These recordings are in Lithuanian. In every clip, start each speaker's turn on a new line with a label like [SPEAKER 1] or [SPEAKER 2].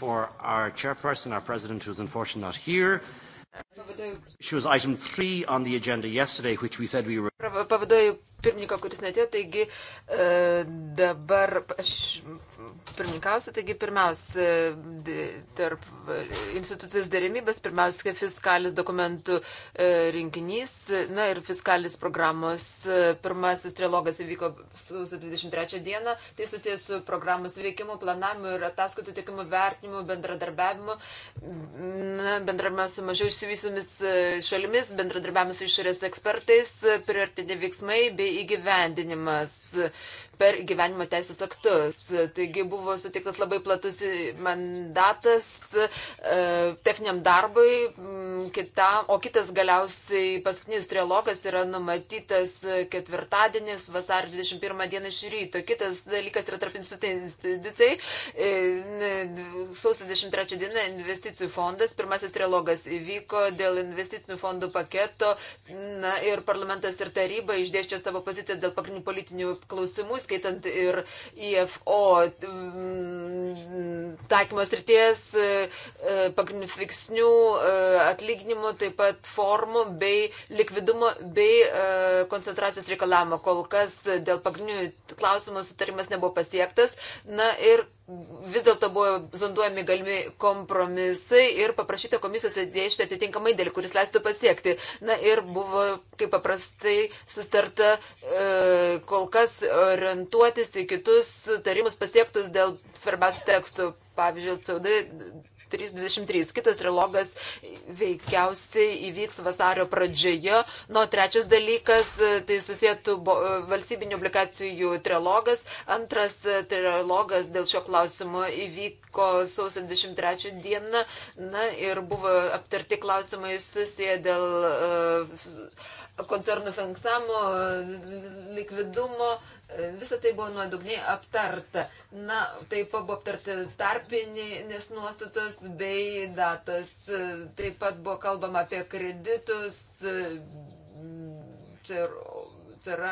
[SPEAKER 1] for our chairperson, our president, who's unfortunately not here. She was item three on the agenda yesterday, which we said we were. Pavaduoju pirmininko, kuris netėjo, taigi e, dabar aš pirmininkausiu, taigi pirmiausia, tarp institucijos dėrimybės, pirmiausia, fiskalis dokumentų e, rinkinys, na ir fiskalis programos e, pirmasis trilogas įvyko sausio 23 dieną, tai susijęs su programos veikimu, planavimu ir ataskaitų tikimu vertinimu, bendradarbiavimu, na, bendradarbiavimu su mažiau išsivysimis e, šalimis, bendradarbiavimu su išorės ekspertais, e, prioritetiniai veiksmai bei įgyvendinimas per gyvenimo teisės aktus. Taigi buvo sutiktas labai platus mandatas e, techniniam darbui, kita, o kitas galiausiai paskutinis trilogas yra numatytas ketvirtadienis, vasar 21 dieną iš ryto. Kitas dalykas yra tarp institucijai, e, sausio 23 dieną investicijų fondas, pirmasis trilogas įvyko dėl investicinių fondų paketo na, ir parlamentas ir taryba išdėščia savo savo pozicijas dėl pagrindinių politinių klausimų, skaitant ir IFO e mm, taikymos ryties, e, e, pagrindinių fiksnių atlyginimų, taip pat formų bei likvidumo bei koncentracijos reikalavimo. Kol kas dėl pagrindinių klausimų sutarimas nebuvo pasiektas. Na ir vis dėlto buvo zonduojami galimi kompromisai ir paprašyta komisijos įdėšti atitinkamai dėl, kuris leistų pasiekti. Na ir buvo, kaip paprastai, sustarta e, kol kas orientuotis į kitus tarimus pasiektus dėl svarbiausių tekstų, pavyzdžiui, COD 3.23. Kitas trilogas veikiausiai įvyks vasario pradžioje. Nu, trečias dalykas, e, tai susijėtų e, valstybinių obligacijų trilogas. Antras e, trilogas dėl šio klausimo įvyko sausio 23 dieną. Na ir buvo aptarti klausimai susiję dėl. Uh, koncernų finansavimo, likvidumo, visą tai buvo nuodugniai aptarta. Na, taip pat buvo aptarti tarpinės nuostatos bei datos. Taip pat buvo kalbama apie kreditus, CR,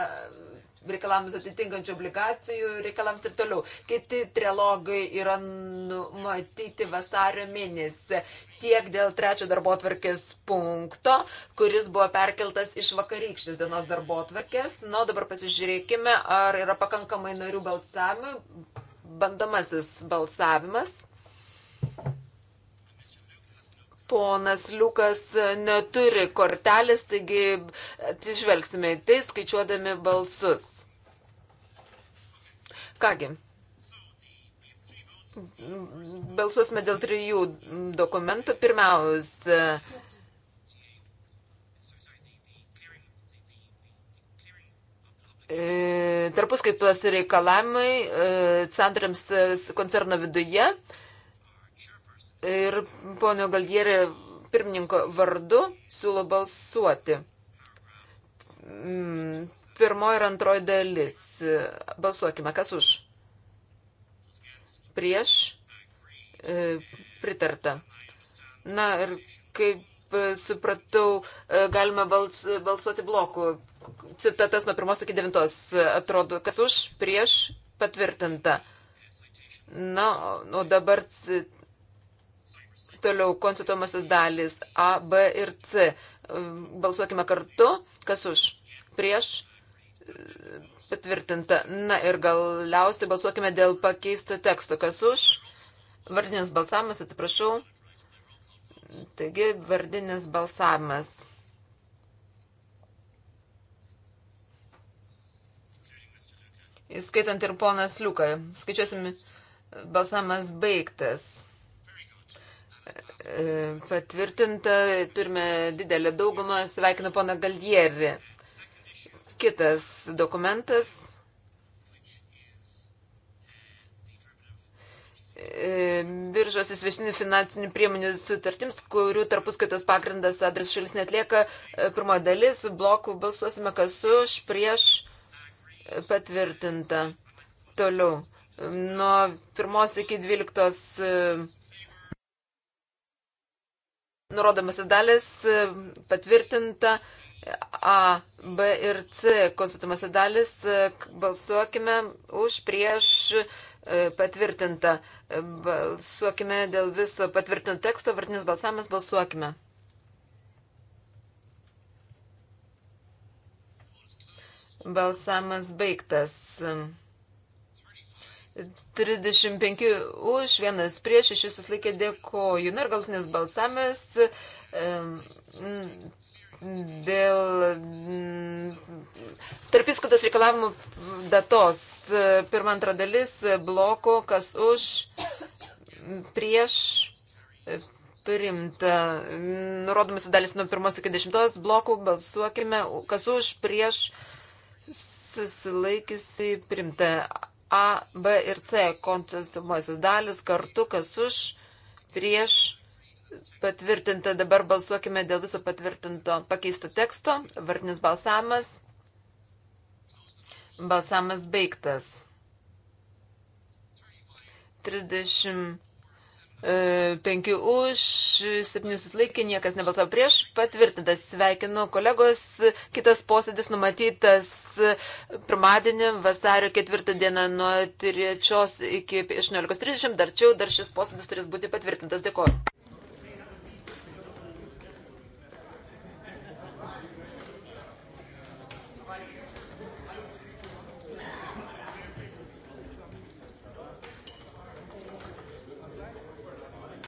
[SPEAKER 1] reikalams atitinkančių obligacijų reikalams ir toliau. Kiti trilogai yra numatyti vasario mėnesį tiek dėl trečio darbo atvarkės punkto, kuris buvo perkeltas iš vakarykštės dienos darbo atvarkės. Na, nu, dabar pasižiūrėkime, ar yra pakankamai narių balsavimui. Bandomasis balsavimas. Ponas Liukas neturi kortelės, taigi atsižvelgsime į tai, skaičiuodami balsus. Kągi, balsuosime dėl trijų dokumentų. Pirmiausia, e, tarpuskaitos reikalavimai e, centrams e, koncerno viduje ir ponio Galdierė pirmininko vardu siūlo balsuoti. Mm, pirmoji ir antroji dalis. Balsuokime, kas už. Prieš e, pritarta. Na ir kaip e, supratau, e, galime bals, balsuoti blokų. Citatas nuo pirmos iki devintos atrodo, kas už, prieš, patvirtinta. Na, o dabar c... toliau konstituomasis dalis A, B ir C. Balsuokime kartu, kas už, prieš, patvirtinta. Na ir galiausiai balsuokime dėl pakeisto teksto. Kas už? Vardinis balsavimas, atsiprašau. Taigi, vardinis balsavimas. Įskaitant ir ponas Liukai. Skaičiuosim, balsavimas baigtas e, patvirtinta, turime didelę daugumą, sveikinu pana Galdierį kitas dokumentas. E, Biržos įsvešinių finansinių priemonių sutartims, kurių tarpuskaitos pagrindas adres šalis netlieka. E, pirmoji dalis blokų balsuosime, kas už, prieš e, patvirtinta. Toliau. Nuo pirmos iki dvyliktos nurodomasis dalis patvirtinta A, B ir C konsultuomose dalis. E, balsuokime už prieš e, patvirtintą. Balsuokime dėl viso patvirtinto teksto. Vartinis balsavimas. Balsuokime. Balsavimas baigtas. 35 už, vienas prieš, šešis susilaikė dėkoju. Na ir galtinis balsavimas e, dėl mm, tarp įskaitos reikalavimų datos. Pirma, antra dalis bloko, kas už, prieš, primta. Nurodomas dalis nuo pirmos iki dešimtos blokų, balsuokime, kas už, prieš, susilaikysi, primta. A, B ir C kontestuojamasis dalis kartu, kas už, prieš, patvirtinta, dabar balsuokime dėl viso patvirtinto pakeisto teksto, vartinis balsavimas. Balsavimas baigtas. 35 e, už, 7 susilaikė, niekas nebalsavo prieš, patvirtintas, sveikinu kolegos, kitas posėdis numatytas pirmadienį, vasario 4 dieną nuo 3 iki 18.30, dar čia, dar šis posėdis turės būti patvirtintas, dėkoju.